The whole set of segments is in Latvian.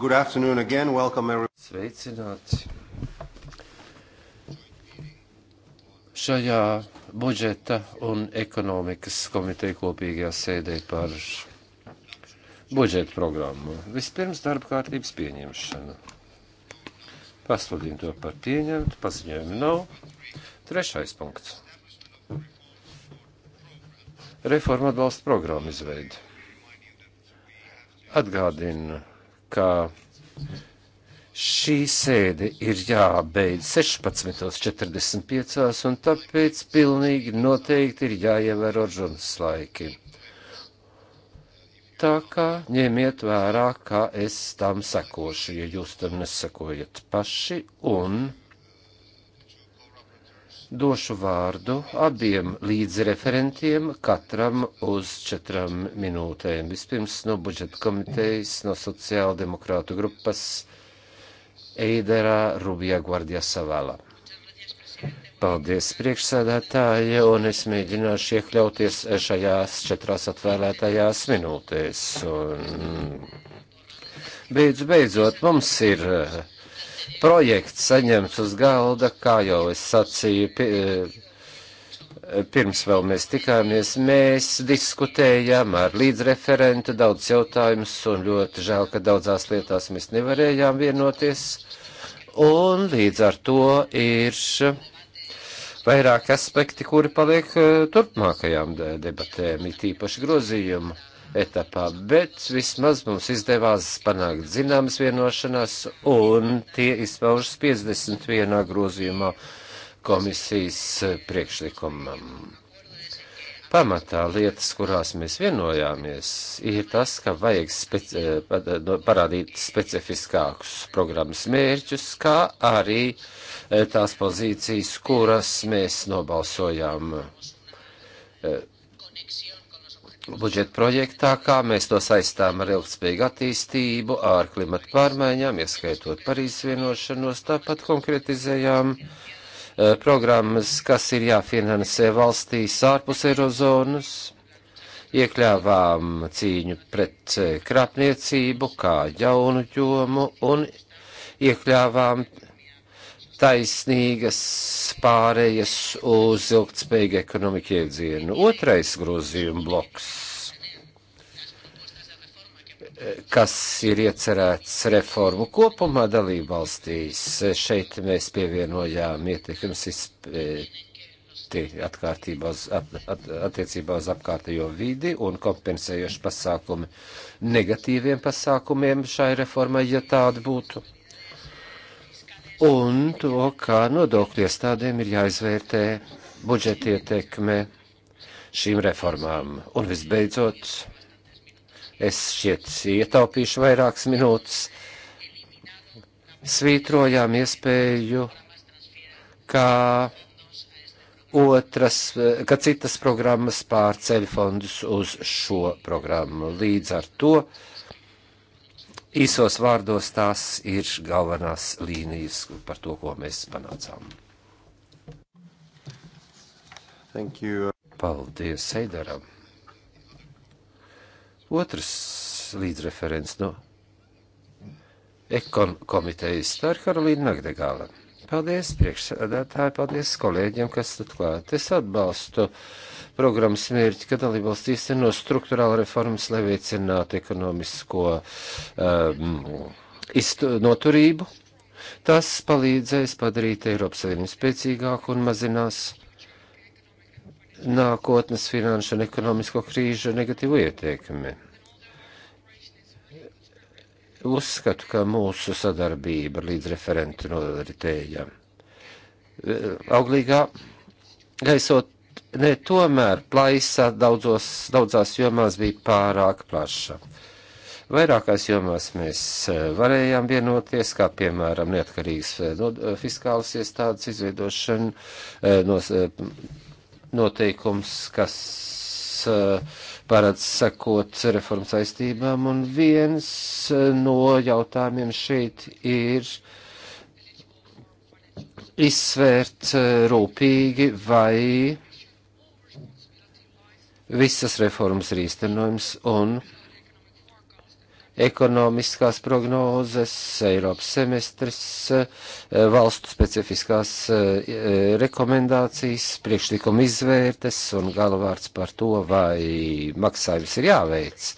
good afternoon again. Welcome everyone. Sveicināti. Šajā budžeta un ekonomikas komiteja kopīgajā sēdē par budžeta programmu. Vispirms darba kārtības pieņemšana. Pasludinu to par pieņemtu, paziņojumu nav. Trešais punkts. Reforma atbalsta programmu izveidi. Atgādina ka šī sēde ir jābeidz 16.45, un tāpēc pilnīgi noteikti ir jāievēro runas laiki. Tā kā ņemiet vērā, kā es tam sekošu, ja jūs tam nesakojat paši, un došu vārdu abiem līdzreferentiem, katram uz četrām minūtēm. Vispirms no budžeta komitejas, no sociāldemokrātu grupas Eiderā Rubijā Guardia Savala. Paldies priekšsēdētāji, un es mēģināšu iekļauties šajās četrās atvēlētajās minūtēs. Un... Beidz beidzot, mums ir uh, projekts saņemts uz galda, kā jau es sacīju, eh, pirms vēl mēs tikāmies, mēs diskutējām ar līdzreferentu daudz jautājumus un ļoti žēl, ka daudzās lietās mēs nevarējām vienoties. Un līdz ar to ir vairāk aspekti, kuri paliek eh, turpmākajām debatēm, it īpaši grozījumu etapā, bet vismaz mums izdevās panākt zināmas vienošanās, un tie izpaužas 51. grozījumā komisijas priekšlikumam. Pamatā lietas, kurās mēs vienojāmies, ir tas, ka vajag speci eh, parādīt specifiskākus programmas mērķus, kā arī eh, tās pozīcijas, kuras mēs nobalsojām eh, budžeta projektā, kā mēs to saistām ar ilgspējīgu attīstību, ar klimatu pārmaiņām, ieskaitot Parīzes vienošanos, tāpat konkretizējām eh, programmas, kas ir jāfinansē valstīs ārpus Eirozonas, iekļāvām cīņu pret eh, krāpniecību kā jaunu jomu un iekļāvām taisnīgas pārējas uz ilgtspējīgu ekonomiku iedzienu. Otrais grozījuma bloks, kas ir iecerēts reformu kopumā dalībvalstīs. Šeit mēs pievienojām ietekmes izpēti atkārtībā uz, at, at, attiecībā uz apkārtējo vidi un kompensējoši pasākumi negatīviem pasākumiem šai reformai, ja tāda būtu un to, kā nodokļu iestādēm ir jāizvērtē budžeta ietekme šīm reformām. Un visbeidzot, es šķiet ietaupīšu vairākas minūtes, svītrojām iespēju, kā otras, ka citas programmas pārceļ fondus uz šo programmu. Līdz ar to īsos vārdos tās ir galvenās līnijas par to, ko mēs panācām. Paldies, Eidaram. Otrs līdzreferents no Ekon komitejas, tā ir Karolīna Nagdegāla. Paldies priekšsēdētāji, paldies kolēģiem, kas atklāt. Es atbalstu uh, programmas mērķi, ka dalībvalsts īsteno struktūrāla reformas, lai veicinātu ekonomisko um, iztu, noturību. Tas palīdzēs padarīt Eiropas Savienību spēcīgāku un mazinās nākotnes finanšu un ekonomisko krīžu negatīvu ieteikumu. Uzskatu, ka mūsu sadarbība līdz referentu noritēja auglīgā gaisot ne tomēr plaisa daudzos, daudzās jomās bija pārāk plaša. Vairākās jomās mēs eh, varējām vienoties, kā piemēram neatkarīgas eh, no, eh, fiskālas iestādes izveidošana no, noteikums, kas paredz sekot reformu saistībām, un viens no jautājumiem šeit ir izsvērt rūpīgi vai visas reformas ir īstenojums un ekonomiskās prognozes, Eiropas semestris, eh, valstu specifiskās eh, rekomendācijas, priekšlikuma izvērtes un galvārds par to, vai maksājums ir jāveic,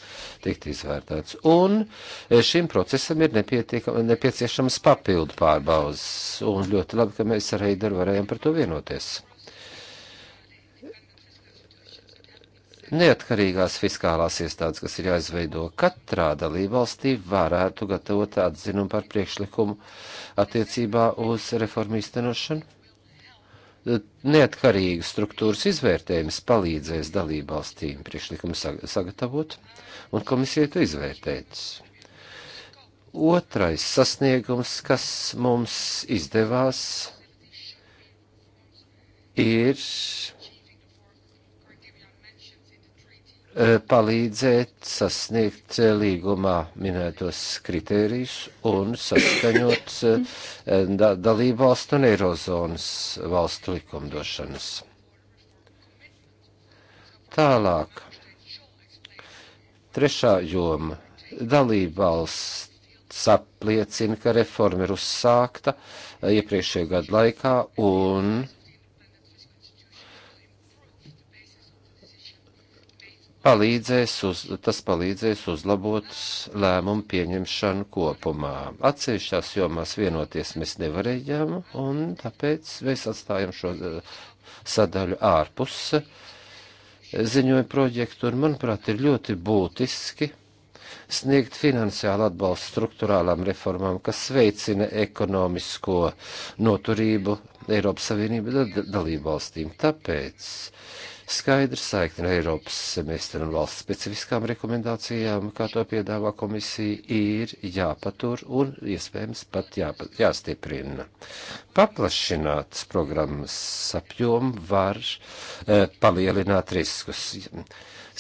tikt izvērtēts. Un eh, šim procesam ir nepieciešams papildu pārbaudas, un ļoti labi, ka mēs ar Heideru varējām par to vienoties. neatkarīgās fiskālās iestādes, kas ir jāizveido katrā dalībvalstī, varētu gatavot atzinumu par priekšlikumu attiecībā uz reformu īstenošanu? Neatkarīgas struktūras izvērtējums palīdzēs dalībvalstīm priekšlikumu sagatavot un komisijai to izvērtēt. Otrais sasniegums, kas mums izdevās, ir E, palīdzēt sasniegt līgumā minētos kritērijus un saskaņot e, e, da dalību valstu un eirozonas valstu likumdošanas. Tālāk. Trešā joma. Dalība valsts apliecina, ka reforma ir uzsākta iepriekšējā gada laikā un palīdzēs uz, tas palīdzēs uzlabot lēmumu pieņemšanu kopumā. Atsevišķās jomās vienoties mēs nevarējām, un tāpēc mēs atstājam šo eh, sadaļu ārpus eh, ziņoja projektu, un, manuprāt, ir ļoti būtiski sniegt finansiālu atbalstu struktūrālām reformām, kas veicina ekonomisko noturību Eiropas Savienības dalībvalstīm. Tāpēc skaidra saikne ar Eiropas semestru un valsts specifiskām rekomendācijām, kā to piedāvā komisija, ir jāpatur un iespējams pat jāpa, jāstiprina. Paplašināt programmas apjomu var e, palielināt riskus.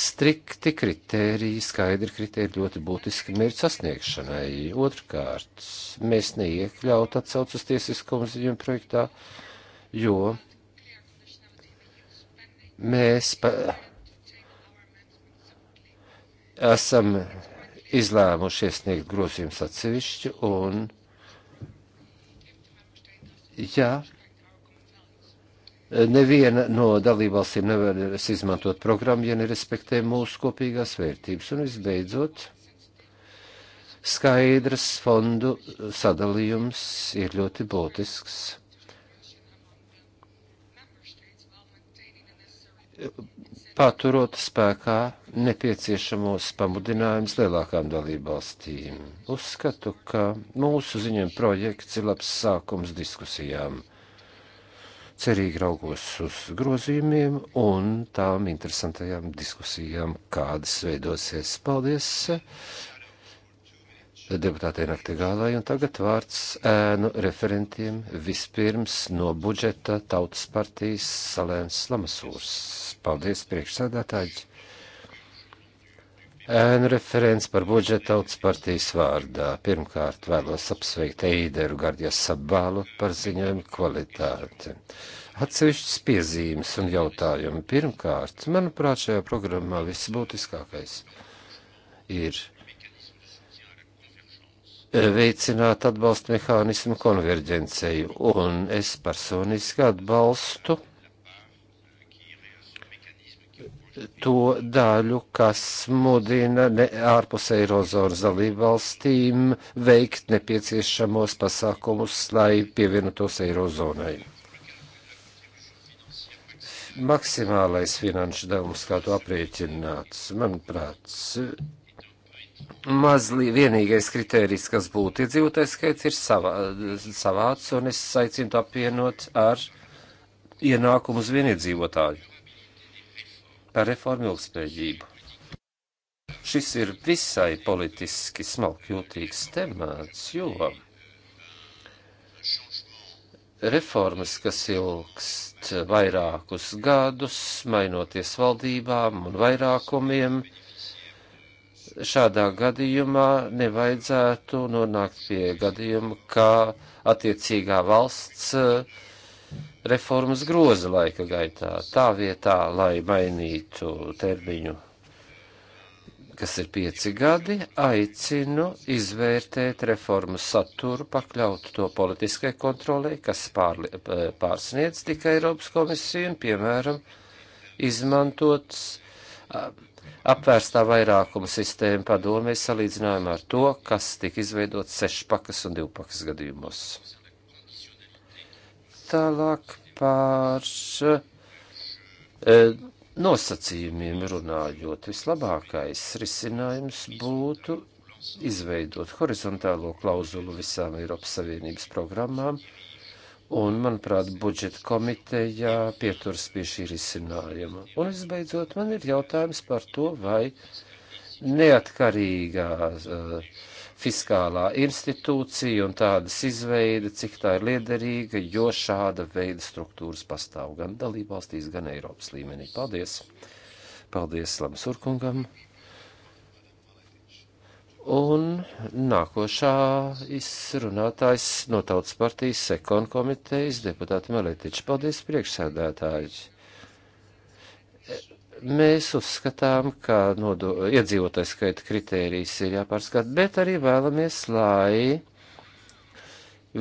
Strikti kritēriji, skaidri kritēriji ļoti būtiski mērķu sasniegšanai. Otrkārt, mēs neiekļaut atsaucas tiesiskuma ziņu projektā, jo mēs pa, esam izlēmuši iesniegt grozījums atsevišķi un, ja neviena no dalībvalstīm nevarēs izmantot programmu, ja nerespektē mūsu kopīgās vērtības. Un visbeidzot, skaidrs fondu sadalījums ir ļoti būtisks paturot spēkā nepieciešamos pamudinājumus lielākām dalībvalstīm. Uzskatu, ka mūsu ziņojuma projekts ir labs sākums diskusijām. Cerīgi raugos uz grozījumiem un tām interesantajām diskusijām, kādas veidosies. Paldies! deputātei Naktigālai, un tagad vārds ēnu referentiem vispirms no budžeta tautas partijas Salēns Lamasūrs. Paldies, priekšsēdētāji! Ēnu referents par budžetu tautas partijas vārdā. Pirmkārt vēlos apsveikt Eideru Gardijas Sabālu par ziņojumu kvalitāti. Atsevišķas piezīmes un jautājumi. Pirmkārt, manuprāt, šajā programmā viss būtiskākais ir veicināt atbalsta mehānismu konverģencei, un es personiski atbalstu to daļu, kas mudina ne, ārpus Eirozonas dalībvalstīm veikt nepieciešamos pasākumus, lai pievienotos Eirozonai. Maksimālais finanšu devums, kā to aprēķināts, manuprāt, mazliet vienīgais kriterijs, kas būtu iedzīvotājs skaits, ir savā, savāds, un es aicinu to apvienot ar ienākumu uz vieniedzīvotāju par reformu ilgspējību. Šis ir visai politiski smalkjūtīgs temats, jo reformas, kas ilgst vairākus gadus, mainoties valdībām un vairākumiem, šādā gadījumā nevajadzētu nonākt pie gadījuma, kā attiecīgā valsts eh, reformas groza laika gaitā. Tā vietā, lai mainītu termiņu, kas ir pieci gadi, aicinu izvērtēt reformas saturu, pakļaut to politiskai kontrolē, kas pārli, eh, pārsniedz tikai Eiropas komisiju un, piemēram, izmantot uh, apvērstā vairākuma sistēma padomē salīdzinājumā ar to, kas tika izveidots sešpakas un divpakas gadījumos. Tālāk par e, nosacījumiem runājot, vislabākais risinājums būtu izveidot horizontālo klauzulu visām Eiropas Savienības programmām, Un, manuprāt, budžeta komiteja pieturas pie šī risinājuma. Un, visbeidzot, man ir jautājums par to, vai neatkarīgā uh, fiskālā institūcija un tādas izveida, cik tā ir liederīga, jo šāda veida struktūras pastāv gan dalībvalstīs, gan Eiropas līmenī. Paldies! Paldies Lamsurkungam! Un nākošā izrunātājs no Tautas partijas sekon komitejas deputāti Meletiči. Paldies, priekšsēdētāji! Mēs uzskatām, ka nodo, iedzīvotāju skaita kritērijas ir jāpārskata, bet arī vēlamies, lai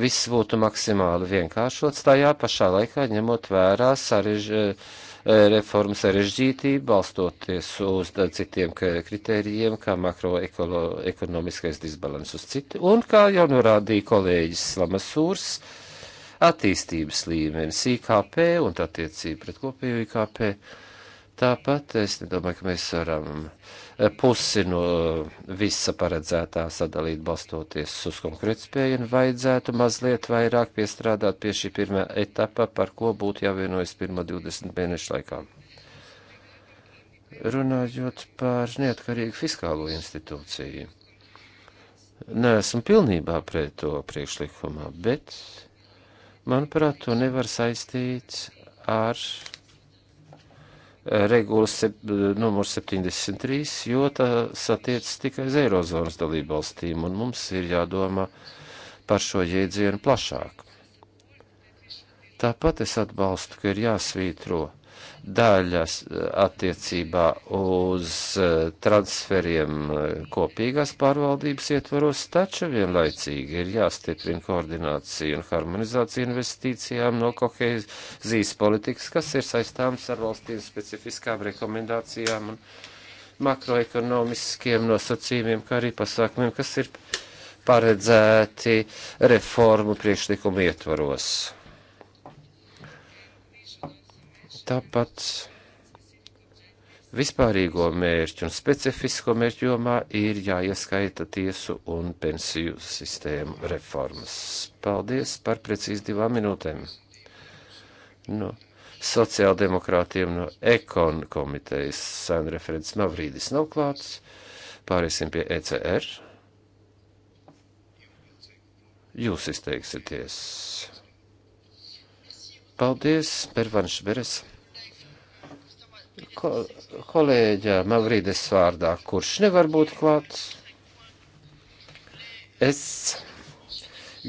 viss būtu maksimāli vienkāršots, tajā pašā laikā ņemot vērā sarež, eh, eh, reformu sarežģītību, balstoties uz eh, citiem kritērijiem, kā makroekonomiskais disbalans uz citu, un, kā jau norādīja kolēģis Lamasūrs, attīstības līmenis IKP un attiecība pret kopēju IKP. Uh, Tāpat es nedomāju, ka mēs varam eh, pusi no eh, visa paredzētā sadalīt balstoties uz konkrētspēju un vajadzētu mazliet vairāk piestrādāt pie šī pirmā etapa, par ko būtu jāvienojas pirmo 20 mēnešu laikā. Runājot par neatkarīgu fiskālo institūciju. Nē, esmu pilnībā pret to priekšlikumā, bet, manuprāt, to nevar saistīt ar regulas numurs 73, jo tas attiecas tikai uz Eirozonas dalību valstīm, un mums ir jādomā par šo jēdzienu plašāk. Tāpat es atbalstu, ka ir jāsvītro daļas eh, attiecībā uz eh, transferiem eh, kopīgās pārvaldības ietvaros, taču vienlaicīgi ir jāstiprina koordinācija un harmonizācija investīcijām no kohēzijas politikas, kas ir saistāms ar valstīm specifiskām rekomendācijām un makroekonomiskiem nosacījumiem, kā arī pasākumiem, kas ir paredzēti reformu priekšlikumu ietvaros. Tāpat vispārīgo mērķu un specifisko mērķu jomā ir jāieskaita tiesu un pensiju sistēmu reformas. Paldies par precīzi divām minūtēm. No nu, sociāldemokrātiem no Ekon komitejas sēnreferents Mavrīdis nav klāts. Pāriesim pie ECR. Jūs izteiksieties. Paldies, Pervanš Beres ko, kolēģa Mavrides vārdā, kurš nevar būt klāts. Es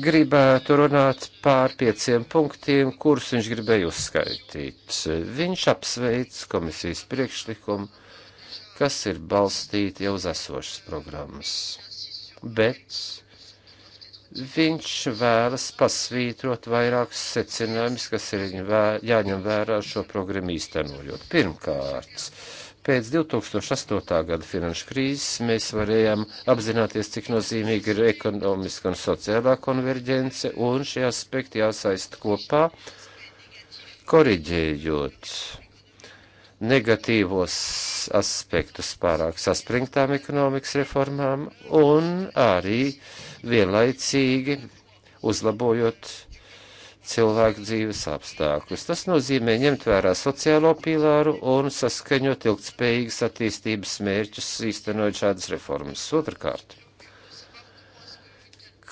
gribētu runāt pār pieciem punktiem, kurus viņš gribēja uzskaitīt. Viņš apsveic komisijas priekšlikumu, kas ir balstīti jau uz esošas programmas. Bet viņš vēlas pasvītrot vairākus secinājumus, kas ir vēr, jāņem vērā šo programmu īstenojot. Pirmkārt, pēc 2008. gada finanšu krīzes mēs varējām apzināties, cik nozīmīga ir ekonomiska un sociālā konverģence, un šie aspekti jāsaista kopā, koriģējot negatīvos aspektus pārāk saspringtām ekonomikas reformām un arī uh, vienlaicīgi uzlabojot cilvēku dzīves apstākļus. Tas nozīmē ņemt vērā sociālo pīlāru un saskaņot ilgtspējīgas attīstības mērķus, īstenojot šādas reformas. Otrakārt,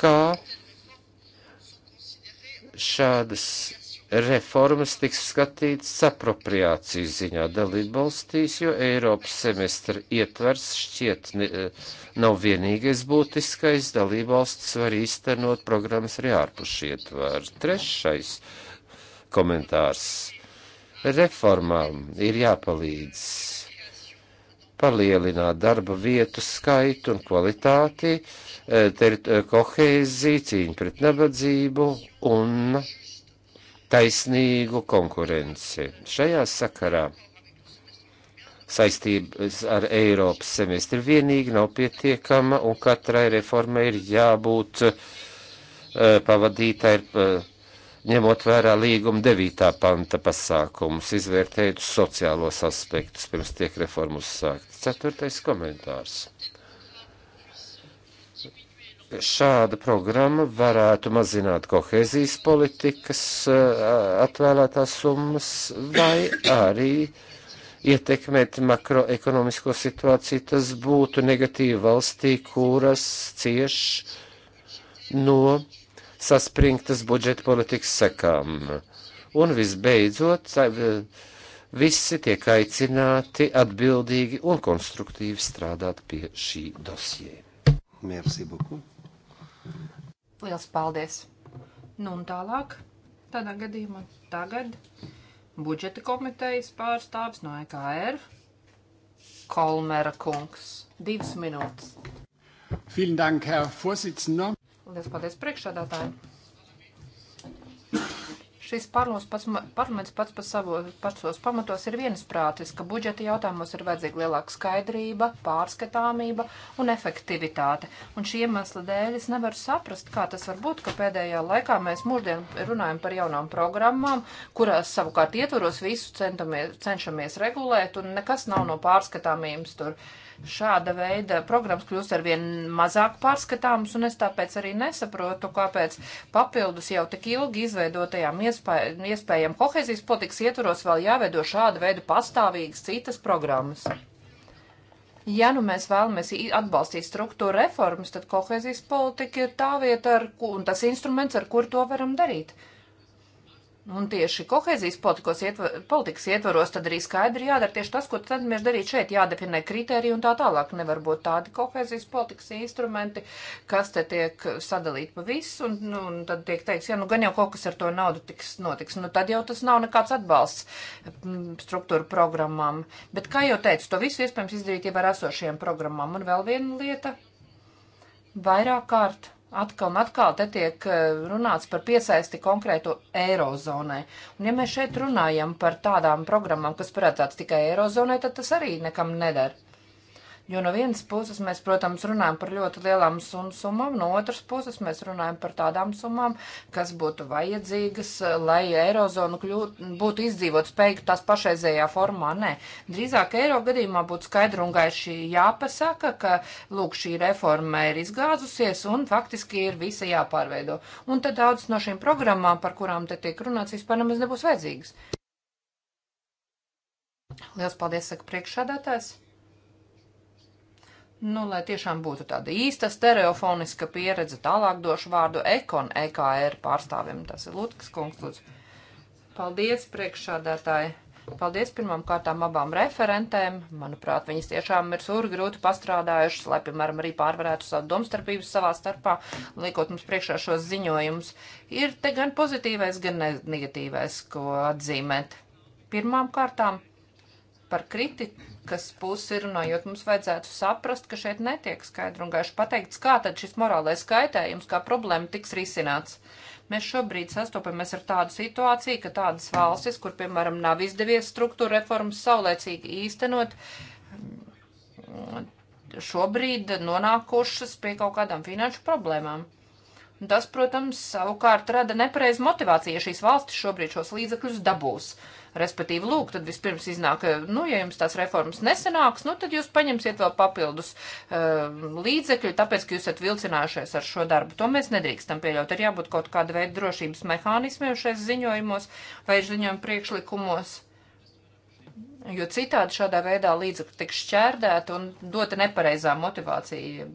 kā šādas reformas tiks skatītas apropriāciju ziņā dalību valstīs, jo Eiropas semestra ietvers šķiet ne, nav vienīgais būtiskais, dalību valstis var īstenot programmas arī ārpus ietvaru. Trešais komentārs. Reformām ir jāpalīdz palielināt darba vietu skaitu un kvalitāti, eh, eh, kohēziju, cīņu pret nabadzību un taisnīgu konkurenci. Šajā sakarā saistības ar Eiropas semestri vienīgi nav pietiekama, un katrai reformai ir jābūt uh, pavadītai uh, ņemot vērā līguma 9. panta pasākumus, izvērtējot sociālos aspektus pirms tiek reformas sāktas. Ceturtais komentārs šāda programma varētu mazināt kohēzijas politikas eh, atvēlētās summas vai arī ietekmēt makroekonomisko situāciju. Tas būtu negatīvi valstī, kuras cieš no saspringtas budžeta politikas sekām. Un visbeidzot, visi tiek aicināti atbildīgi un konstruktīvi strādāt pie šī dosjē. Merci beaucoup. Liels paldies! Nu un tālāk, tādā gadījumā tagad budžeta komitejas pārstāvis no EKR Kolmera kungs. Divas minūtes. Vielen Dank, Herr Vorsitzender. Liels paldies priekšādātājiem! Šis parlos, pats, parlaments pats par savo, pašos pamatos ir viensprātis, ka budžeta jautājumos ir vajadzīga lielāka skaidrība, pārskatāmība un efektivitāte. Un šī iemesla dēļ es nevaru saprast, kā tas var būt, ka pēdējā laikā mēs mūždien runājam par jaunām programmām, kurās savukārt ietvaros visu centamies, cenšamies regulēt un nekas nav no pārskatāmības tur. Uh, šāda veida programmas kļūst ar vien mazāk pārskatāmas, un es tāpēc arī nesaprotu, kāpēc papildus jau tik ilgi izveidotajām iespēj, iespējām kohezijas politikas ietvaros vēl jāveido šāda veida pastāvīgas citas programmas. Ja nu mēs vēlamies atbalstīt struktūra reformas, tad kohezijas politika ir tā vieta, ar, un tas instruments, ar kur to varam darīt. Uh, Un tieši kohēzijas ietver, politikas ietvaros tad arī skaidri jādara tieši tas, ko centamies darīt šeit, jādefinē kriteriju un tā tālāk. Nevar būt tādi kohēzijas politikas instrumenti, kas te tiek sadalīti pa visu, un, nu, un tad tiek teiks, ja nu gan jau kaut kas ar to naudu tiks notiks, nu tad jau tas nav nekāds atbalsts struktūra programmām. Bet, kā jau teicu, to visu iespējams izdarīt jau ar esošajām programmām. Un vēl viena lieta - vairāk kārt atkal un atkal te tiek eh, runāts par piesaisti konkrēto eirozonai. Un ja mēs šeit runājam par tādām programmām, kas paredzētas tikai eirozonai, tad tas arī nekam nedara. Jo no vienas puses mēs, protams, runājam par ļoti lielām summām, no otras puses mēs runājam par tādām summām, kas būtu vajadzīgas, eh, lai Eirozonu kļūt, būtu izdzīvot spējīgi tās pašreizējā formā. Nē, drīzāk Eiro gadījumā būtu skaidri un gaiši jāpasaka, ka, lūk, šī reforma ir izgāzusies un faktiski ir visa jāpārveido. Un tad daudz no šīm programmām, par kurām te tiek runāts, vispār nemaz nebūs vajadzīgas. Liels paldies, saka priekšsādātājs. Nu, lai tiešām būtu tāda īsta stereofoniska pieredze, tālāk došu vārdu ekon EKR pārstāvim. Tas ir Lutkas kungs, lūdzu. Paldies, priekšsādātāji. Paldies pirmām kārtām abām referentēm. Manuprāt, viņas tiešām ir surgrūti pastrādājušas, lai, piemēram, arī pārvarētu savu domstarpības savā starpā, liekot mums priekšā šos ziņojumus. Ir te gan pozitīvais, gan negatīvais, ko atzīmēt. Pirmām kārtām par kritikas pusi runājot, mums vajadzētu saprast, ka šeit netiek skaidri un gaiši pateikts, kā tad šis morālais kaitējums, kā problēma tiks risināts. Mēs šobrīd sastopamies ar tādu situāciju, ka tādas valstis, kur, piemēram, nav izdevies struktūra reformas saulēcīgi īstenot, šobrīd nonākušas pie kaut kādām finanšu problēmām. Tas, protams, savukārt rada nepareizu motivāciju, ja šīs valstis šobrīd šos līdzekļus dabūs. Uh, Respektīvi, lūk, tad vispirms iznāk, eh, nu, ja jums tās reformas nesenāks, nu, tad jūs paņemsiet vēl papildus uh, eh, līdzekļu, tāpēc, ka jūs esat vilcinājušies ar šo darbu. To mēs nedrīkstam pieļaut. Ir jābūt kaut kāda veida drošības mehānismiem šais ziņojumos vai ziņojumu priekšlikumos. Jo citādi šādā veidā līdzekļi tiks šķērdēti un dota nepareizā motivācija.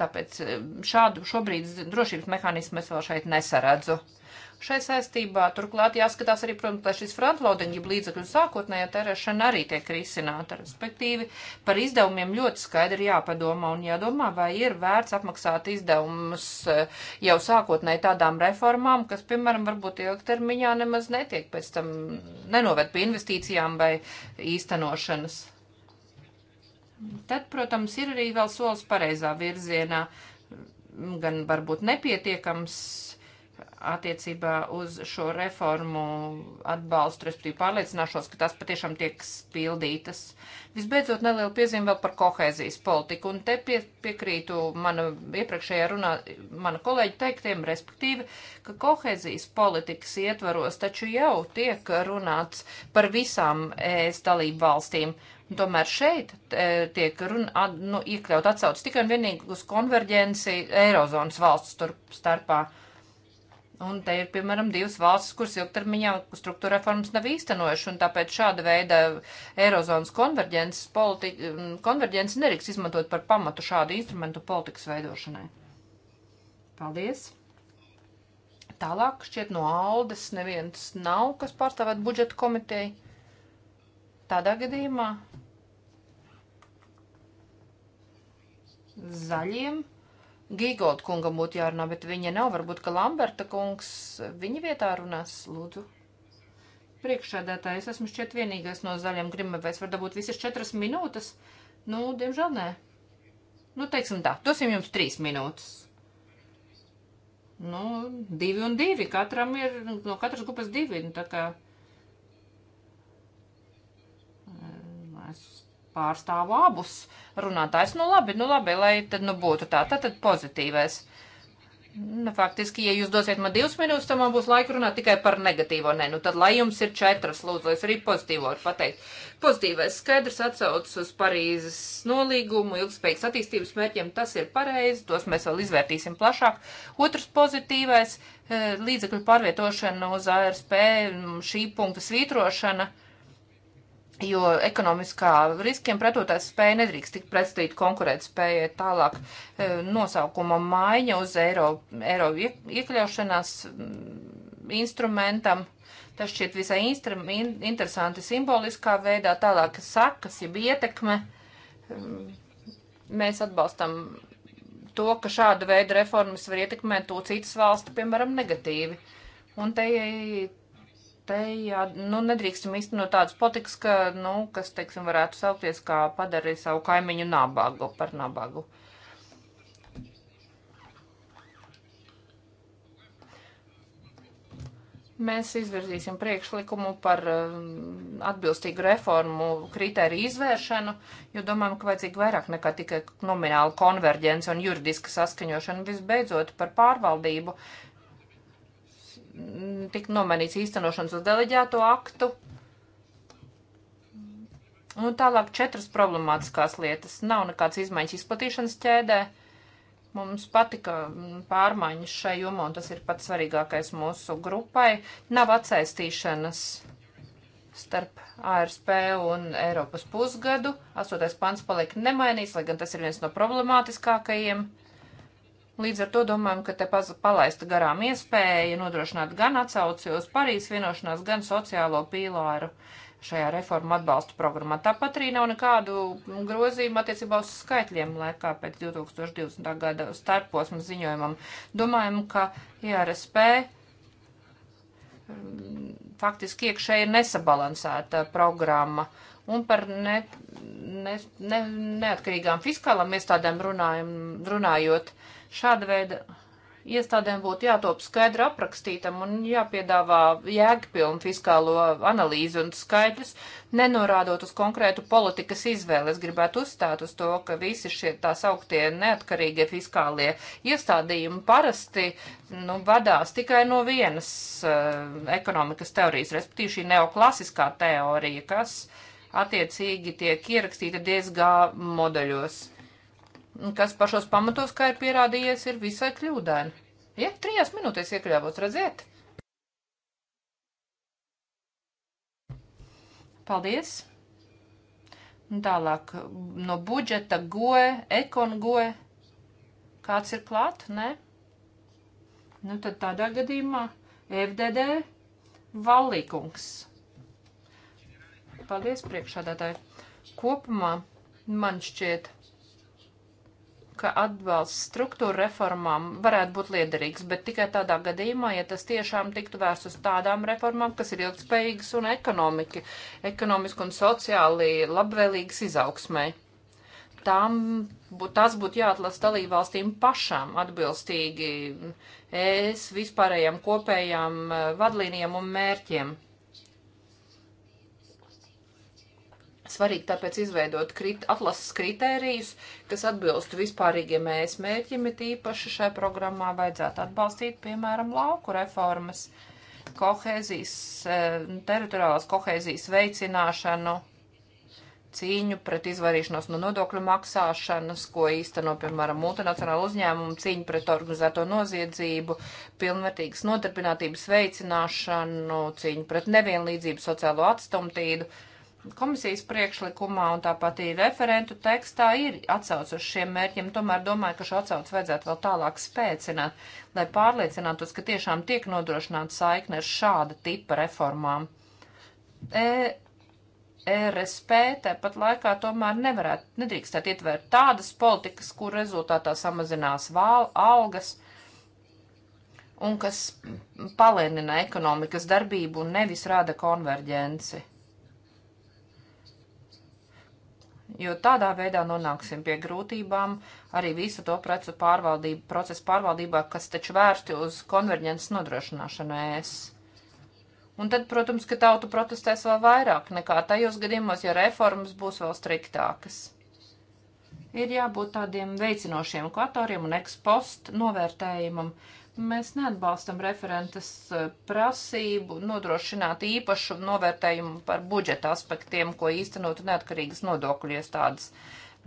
Tāpēc eh, šādu šobrīd drošības mehānismu es vēl šeit nesaredzu. Šai saistībā turklāt jāskatās arī, protams, lai šis frontloading, jeb līdzekļu sākotnējā tērēšana arī tiek risināta, respektīvi par izdevumiem ļoti skaidri jāpadomā un jādomā, vai ir vērts apmaksāt izdevumus eh, jau sākotnēji tādām reformām, kas, piemēram, varbūt ilgtermiņā nemaz netiek pēc tam nenoved pie investīcijām vai īstenošanas. Tad, protams, ir arī vēl solis pareizā virzienā, gan varbūt nepietiekams attiecībā uz šo reformu atbalstu, respektīvi pārliecināšos, ka tās patiešām tiek spildītas. Visbeidzot, neliela piezīme vēl par kohēzijas politiku, un te pie, piekrītu mana iepriekšējā runā, mana kolēģa teiktiem, respektīvi, ka kohēzijas politikas ietvaros taču jau tiek runāts par visām ES dalību valstīm, Un tomēr šeit e, tiek runa, at, nu, iekļaut atsauc tikai un vienīgi uz konverģenci Eirozonas valsts starpā. Un te ir, piemēram, divas valstis, kuras ilgtermiņā struktūra reformas nav īstenojuši, un tāpēc šāda veida Eirozonas konverģences, politi... Mm, konverģences neriks izmantot par pamatu šādu instrumentu politikas veidošanai. Paldies! Tālāk šķiet no Aldes neviens nav, kas pārstāvētu budžeta komiteju. Tādā gadījumā zaļiem Gīgold kungam būtu jārunā, bet viņa nav. Varbūt, ka Lamberta kungs viņa vietā runās. Lūdhu. Priekšsēdētāji, es esmu šķiet vienīgais no zaļiem grimavais. Var dabūt visas četras minūtes? Nu, diemžēl nē. Nu, teiksim tā, dosim jums trīs minūtes. Nu, divi un divi. Katram ir no katras grupas divi. Nu, tā kā pārstāvu abus runātājs. Nu labi, nu labi, lai tad nu būtu tā, tad, tad pozitīvais. Nu, faktiski, ja jūs dosiet man divas minūtes, tad man būs laika runāt tikai par negatīvo. Nē, nu tad lai jums ir četras, lūdzu, lai es arī pozitīvo varu pateikt. Pozitīvais skaidrs atsaucas uz Parīzes nolīgumu, ilgspējīgas attīstības mērķiem, tas ir pareizi, tos mēs vēl izvērtīsim plašāk. Otrs pozitīvais eh, līdzekļu pārvietošana uz ASP, šī punkta svītrošana jo ekonomiskā riskiem pretotās spēja nedrīkst tikt pretstīt konkurēt spējai tālāk e, nosaukuma maiņa uz eiro, eiro iekļaušanās mm, instrumentam. Tas šķiet visai instra, in, interesanti simboliskā veidā, tālāk sakas, jeb ietekme. Mm, mēs atbalstam to, ka šāda veida reformas var ietekmēt to citas valsts, piemēram, negatīvi. Un te te jā, nu, nedrīkstam īstenot tādas politikas, ka, nu, kas, teiksim, varētu saukties kā padarīja savu kaimiņu nabagu par nabagu. Mēs izvirzīsim priekšlikumu par um, atbilstīgu reformu kritēriju izvēršanu, jo domājam, ka vajadzīga vairāk nekā tikai nomināla konverģence un juridiska saskaņošana. Visbeidzot, par pārvaldību tika nomainīts īstenošanas uz deleģēto aktu. Un tālāk četras problemātiskās lietas. Nav nekāds izmaiņas izplatīšanas ķēdē. Mums patika mm, pārmaiņas šai jomā, un tas ir pats svarīgākais mūsu grupai. Nav atsaistīšanas starp ASV un Eiropas pusgadu. Astotais pants paliek nemainīts, lai gan tas ir viens no problemātiskākajiem. Līdz ar to domājam, ka te palaista garām iespēja nodrošināt gan atsauci uz Parīzes vienošanās, gan sociālo pīlāru šajā reformu atbalstu programmā. Tāpat arī nav nekādu grozījumu attiecībā uz skaitļiem laikā pēc 2020. gada starposmu ziņojumam. Domājam, ka IRSP mm, faktiski iekšēji ir nesabalansēta programma. Un par ne, ne, ne, neatkarīgām fiskālām iestādēm runājam, runājot. Uh, Šāda veida iestādēm būtu jātop skaidri aprakstītam un jāpiedāvā jēgpilnu fiskālo analīzi un skaidrs, nenorādot uz konkrētu politikas izvēli. Es gribētu uzstāt uz to, ka visi šie tās augtie neatkarīgie fiskālie iestādījumi parasti nu, vadās tikai no vienas uh, ekonomikas teorijas, respektīvi šī neoklasiskā teorija, kas attiecīgi tiek ierakstīta diezgan modeļos kas pašos pamatos, kā ir pierādījies, ir visai kļūdaini. Ja, trijās minūtēs iekļāvos, redziet? Paldies! Tālāk no budžeta goe, ekon goe. Kāds ir klāt? Nē? Nu tad tādā gadījumā FDD valīkungs. Paldies priekšādātāji. Kopumā man šķiet ka atbalsts struktūra reformām varētu būt liederīgs, bet tikai tādā gadījumā, ja tas tiešām tiktu vērsts uz tādām reformām, kas ir ilgspējīgas un ekonomiki, ekonomiski un sociāli labvēlīgas izaugsmai. Tām, tās būtu jāatlasa dalībvalstīm pašām atbilstīgi ES vispārējām kopējām eh, vadlīnijām un mērķiem. svarīgi tāpēc izveidot krit, atlases kritērijus, kas atbilstu vispārīgiem ES mērķim, it īpaši šai programmā vajadzētu atbalstīt, piemēram, lauku reformas, kohēzijas, e, teritoriālās kohēzijas veicināšanu, cīņu pret izvairīšanos no nodokļu maksāšanas, ko īsteno, piemēram, multinacionāla uzņēmuma, cīņu pret organizēto noziedzību, pilnvērtīgas nodarbinātības veicināšanu, cīņu pret nevienlīdzību, sociālo atstumtību komisijas priekšlikumā un tāpat arī referentu tekstā ir atsauc uz šiem mērķiem. Tomēr domāju, ka šo atsaucu vajadzētu vēl tālāk spēcināt, lai pārliecinātos, ka tiešām tiek nodrošināta saikne ar šāda tipa reformām. E, e RSP tāpat laikā tomēr nevarētu, nedrīkstētu ietvērt tādas politikas, kur rezultātā samazinās vāl, algas un kas palēnina ekonomikas darbību un nevis rada konverģenci. jo tādā veidā nonāksim pie grūtībām arī visu to precu pārvaldību, procesu pārvaldībā, kas taču vērsti uz konverģences nodrošināšanu ES. Un tad, protams, ka tauta protestēs vēl vairāk nekā tajos gadījumos, ja reformas būs vēl striktākas. Ir jābūt tādiem veicinošiem kvatoriem un ekspost novērtējumam, uh, Mēs neatbalstam referentes eh, prasību nodrošināt īpašu novērtējumu par budžeta aspektiem, ko īstenotu neatkarīgas nodokļu iestādes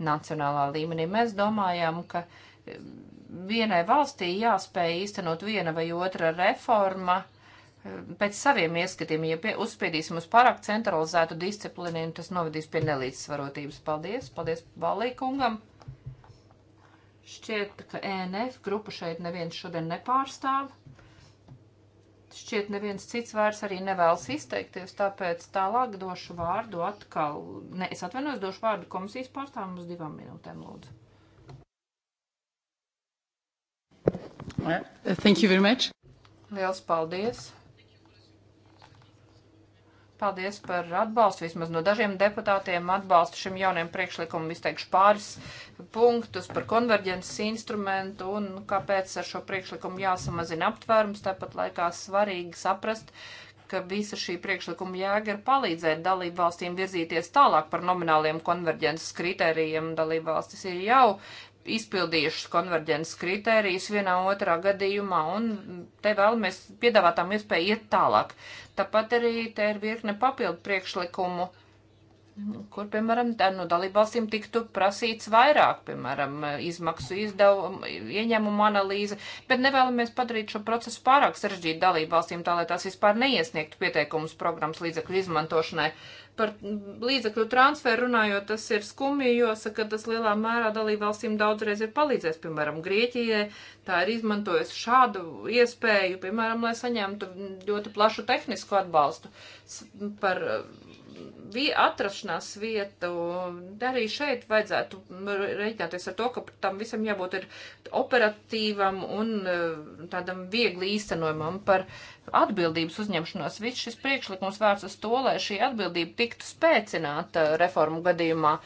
nacionālā līmenī. Mēs domājam, ka eh, vienai valstī jāspēj īstenot viena vai otra reforma eh, pēc saviem ieskatiem, ja pie, uzspiedīsim uz pārāk centralizētu disciplīnu, tas novedīs pie nelīdzsvarotības. Paldies, paldies Valīkungam! Šķiet, ka ENF grupu šeit neviens šodien nepārstāv. Šķiet, neviens cits vairs arī nevēlas izteikties, tāpēc tālāk došu vārdu atkal. Ne, es atvainojos, došu vārdu komisijas pārstāvam uz divām minūtēm, lūdzu. Thank you very much. Liels paldies! Paldies par atbalstu, vismaz no dažiem deputātiem atbalstu šim jaunajam priekšlikumam. Izteikšu pāris punktus par konverģences instrumentu un kāpēc ar šo priekšlikumu jāsamazina aptvērums. Tāpat laikā svarīgi saprast, ka visa šī priekšlikuma jēga ir palīdzēt dalību valstīm virzīties tālāk par nomināliem konverģences kritērijiem. Dalību valstis ir jau izpildījušas konverģences kritērijas vienā otrā gadījumā, un te vēlamies piedāvāt tām iespēju iet tālāk. Tāpat arī te ir virkne papildu priekšlikumu, kur, piemēram, no dalībvalstīm tiktu prasīts vairāk, piemēram, izmaksu izdevumu, ieņēmumu analīze, bet nevēlamies padarīt šo procesu pārāk sarežģītu dalībvalstīm, tā lai tās vispār neiesniegtu pieteikumus programmas līdzekļu izmantošanai. Uh, Par līdzekļu transferu runājot, tas ir skumji, jo saka, tas lielā mērā dalībvalstīm daudzreiz ir palīdzējis. Piemēram, Grieķijai tā ir izmantojusi šādu iespēju, piemēram, lai saņemtu ļoti plašu tehnisku atbalstu par atrašanās vietu, arī šeit vajadzētu reiķināties ar to, ka tam visam jābūt ir operatīvam un eh, tādam viegli īstenojumam par atbildības uzņemšanos. Viss šis priekšlikums vērts uz to, lai šī atbildība tiktu spēcināta reformu gadījumā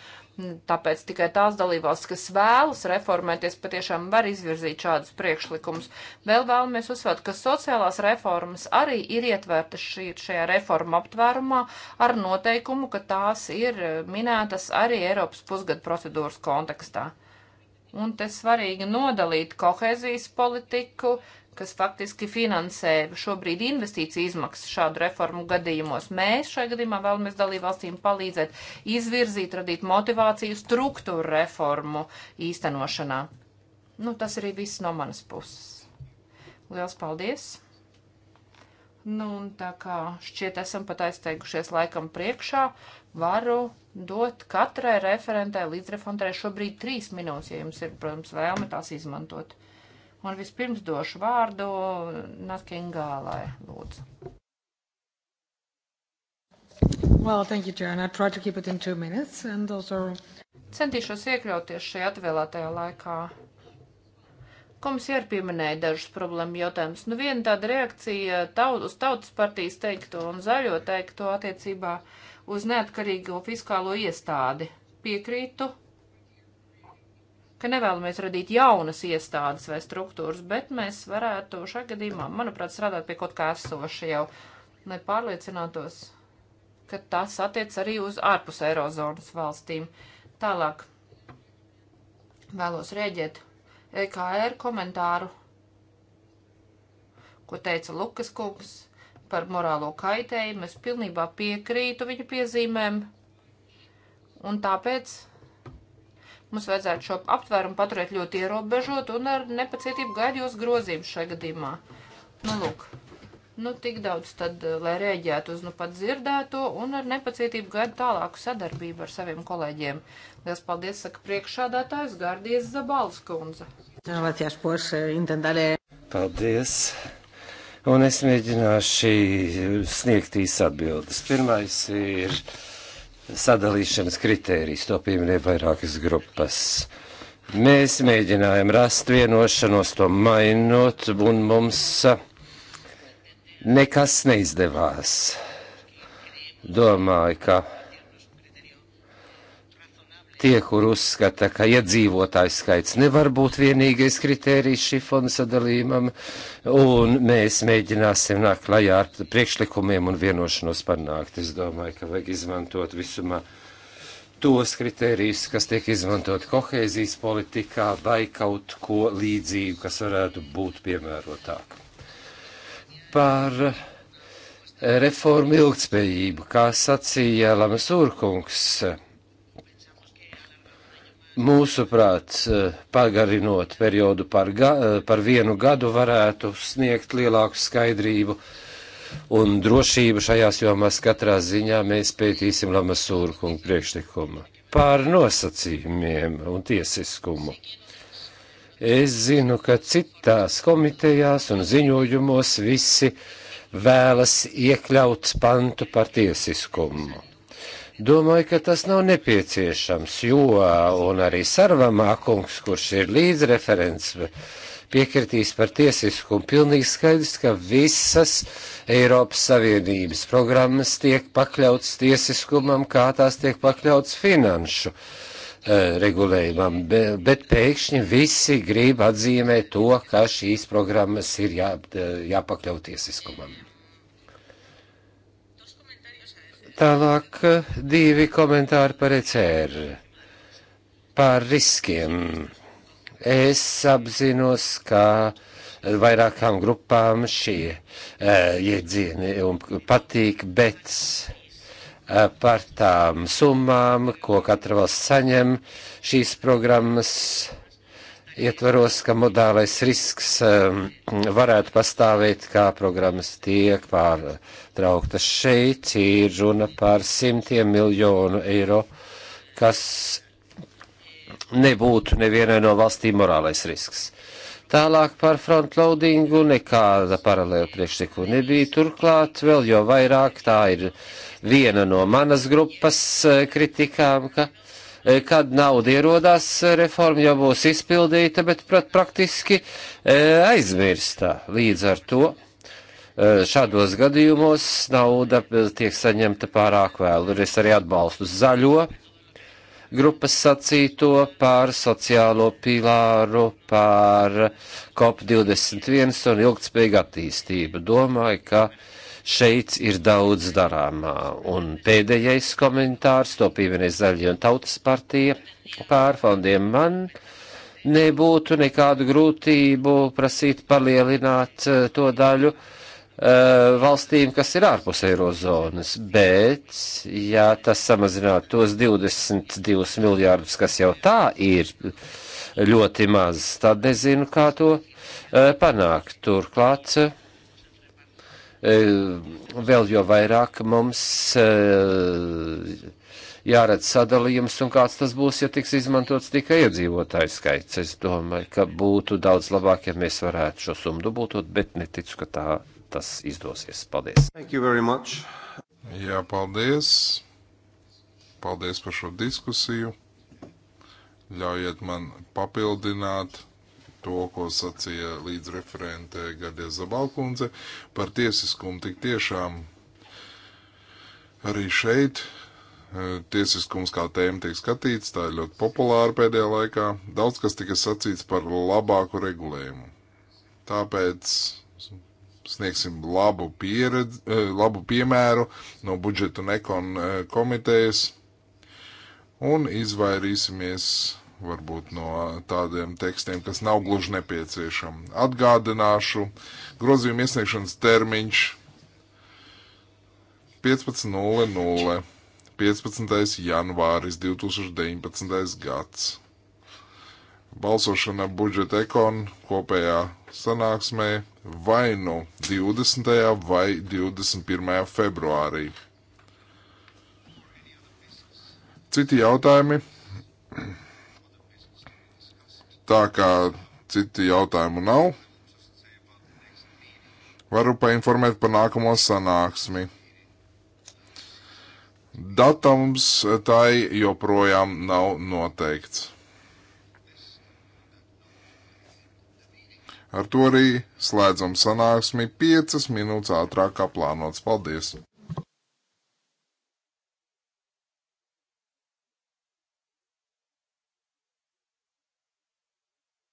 Tāpēc tikai tās dalībvalstis, kas vēlas reformēties, patiešām var izvirzīt šādus priekšlikumus. Vēl vēlamies uzsvērt, ka sociālās reformas arī ir ietvērtas šī, šajā reforma aptvērumā ar noteikumu, ka tās ir minētas arī Eiropas pusgada procedūras kontekstā. Un te svarīgi nodalīt kohēzijas politiku, uh, kas faktiski finansē šobrīd investīciju izmaksas šādu reformu gadījumos. Mēs šajā gadījumā vēlamies dalībvalstīm palīdzēt izvirzīt, radīt motivāciju struktūru reformu īstenošanā. Nu, tas arī viss no manas puses. Lielas paldies! Nu, un tā kā šķiet esam pat aizteikušies laikam priekšā, varu dot katrai referentē, līdzreferentē šobrīd trīs minūtes, ja jums ir, protams, vēlme tās izmantot. Un vispirms došu vārdu Naskingālai, lūdzu. Well, thank you, Joanne. I tried to keep it in two minutes and also... Centīšos iekļauties šajā atvēlētajā laikā. Komisija arī pieminēja dažus problēmu jautājumus. Nu, viena tāda reakcija taut, uz tautas partijas teikto un zaļo teikto attiecībā uz neatkarīgo fiskālo iestādi. Piekrītu, ka nevēlamies radīt jaunas iestādes vai struktūras, bet mēs varētu šajā gadījumā, manuprāt, strādāt pie kaut kā esoša jau, lai pārliecinātos, ka tas attiec arī uz ārpus Eirozonas valstīm. Tālāk vēlos rēģēt EKR komentāru, ko teica Lukas kungs par morālo kaitējumu. Es pilnībā piekrītu viņa piezīmēm, un tāpēc Mums vajadzētu šo aptvērumu paturēt ļoti ierobežot un ar nepacietību gaidu jūs grozījumus šajā gadījumā. Nu, lūk. Nu, tik daudz tad, eh, lai rēģētu uz nu pat dzirdēto un ar nepacietību gaidu tālāku sadarbību ar saviem kolēģiem. Lielas paldies, saka priekšādātājs Gārdies Zabalskundze. Eh, eh, paldies! Un es mēģināšu sniegt īsi atbildes. Pirmais ir sadalīšanas kritērijus. To pieminēja vairākas grupas. Mēs mēģinājām rast vienošanos, to mainot, un mums nekas neizdevās. Domāju, ka Tie, kur uzskata, ka iedzīvotājs ja skaits nevar būt vienīgais kritērijs šī fonda sadalījumam, un mēs mēģināsim nākt klajā ar priekšlikumiem un vienošanos panākt. Es domāju, ka vajag izmantot visumā tos kritērijus, kas tiek izmantot kohēzijas politikā, vai kaut ko līdzīgu, kas varētu būt piemērotāk. Par eh, reformu ilgtspējību, kā sacīja Lamas Urkungs mūsuprāt, eh, pagarinot periodu par, ga, eh, par vienu gadu, varētu sniegt lielāku skaidrību un drošību šajās jomās. Katrā ziņā mēs pētīsim Lamasūra kungu priekšlikumu par nosacījumiem un tiesiskumu. Es zinu, ka citās komitejās un ziņojumos visi vēlas iekļaut pantu par tiesiskumu Domāju, ka tas nav nepieciešams, jo, un arī Sarvamā kungs, kurš ir līdzreferents, piekritīs par tiesiskumu, pilnīgi skaidrs, ka visas Eiropas Savienības programmas tiek pakļauts tiesiskumam, kā tās tiek pakļauts finanšu eh, regulējumam, bet pēkšņi visi grib atzīmēt to, ka šīs programmas ir jā, eh, jāpakļaut tiesiskumam. Tālāk divi komentāri par ECR, par riskiem. Es apzinos, ka vairākām grupām šie uh, iedzieni patīk, bet uh, par tām summām, ko katra valsts saņem šīs programmas, uh, ietvaros, ka modālais risks um, varētu pastāvēt, kā programmas tiek pārtrauktas. Šeit ir runa par simtiem miljonu eiro, kas nebūtu nevienai no valstīm morālais risks. Tālāk par frontloadingu nekāda paralēla priekšsaku nebija. Turklāt vēl jo vairāk tā ir viena no manas grupas eh, kritikām, ka uh, Eh, kad nauda ierodās, eh, reforma jau būs izpildīta, bet praktiski eh, aizmirstā līdz ar to. Šādos gadījumos nauda tiek saņemta pārāk vēlu, un es arī atbalstu zaļo grupas sacīto par sociālo pīlāru, par COP21 un ilgtspējīgu attīstību. Domāju, ka uh, šeit ir daudz darāmā. Un pēdējais komentārs, to pieminēja Zaļie un Tautas partija pārfondiem man nebūtu nekādu grūtību prasīt palielināt eh, to daļu uh, valstīm, kas ir ārpus eirozonas, bet, ja tas samazinātu tos 22 miljārdus, kas jau tā ir ļoti maz, tad nezinu, kā to uh, panākt. Turklāt, uh, E, vēl jo vairāk mums e, jāredz sadalījums un kāds tas būs, ja tiks izmantots tikai iedzīvotājs skaits. Es domāju, ka būtu daudz labāk, ja mēs varētu šo summu dubultot, bet neticu, ka tā tas izdosies. Paldies! Jā, paldies! Paldies par šo diskusiju! Ļaujiet man papildināt to, ko sacīja līdz referente Gadies Zabalkundze par tiesiskumu. Tik tiešām arī šeit e, tiesiskums kā tēma tiek skatīts, tā ir ļoti populāra pēdējā laikā. Daudz kas tika sacīts par labāku regulējumu. Tāpēc sniegsim labu, pieredzi, e, labu piemēru no budžeta un ekon e, komitejas un izvairīsimies varbūt no tādiem tekstiem, kas nav gluži nepieciešami. Atgādināšu, grozījuma iesniegšanas termiņš 15.00. 15. janvāris 2019. gads. Balsošana budžeta ekon kopējā sanāksmē vai nu 20. vai 21. februārī. Citi jautājumi? Tā kā citu jautājumu nav, varu painformēt par nākamo sanāksmi. Datums tai joprojām nav noteikts. Ar to arī slēdzam sanāksmi piecas minūtes ātrāk kā plānots. Paldies!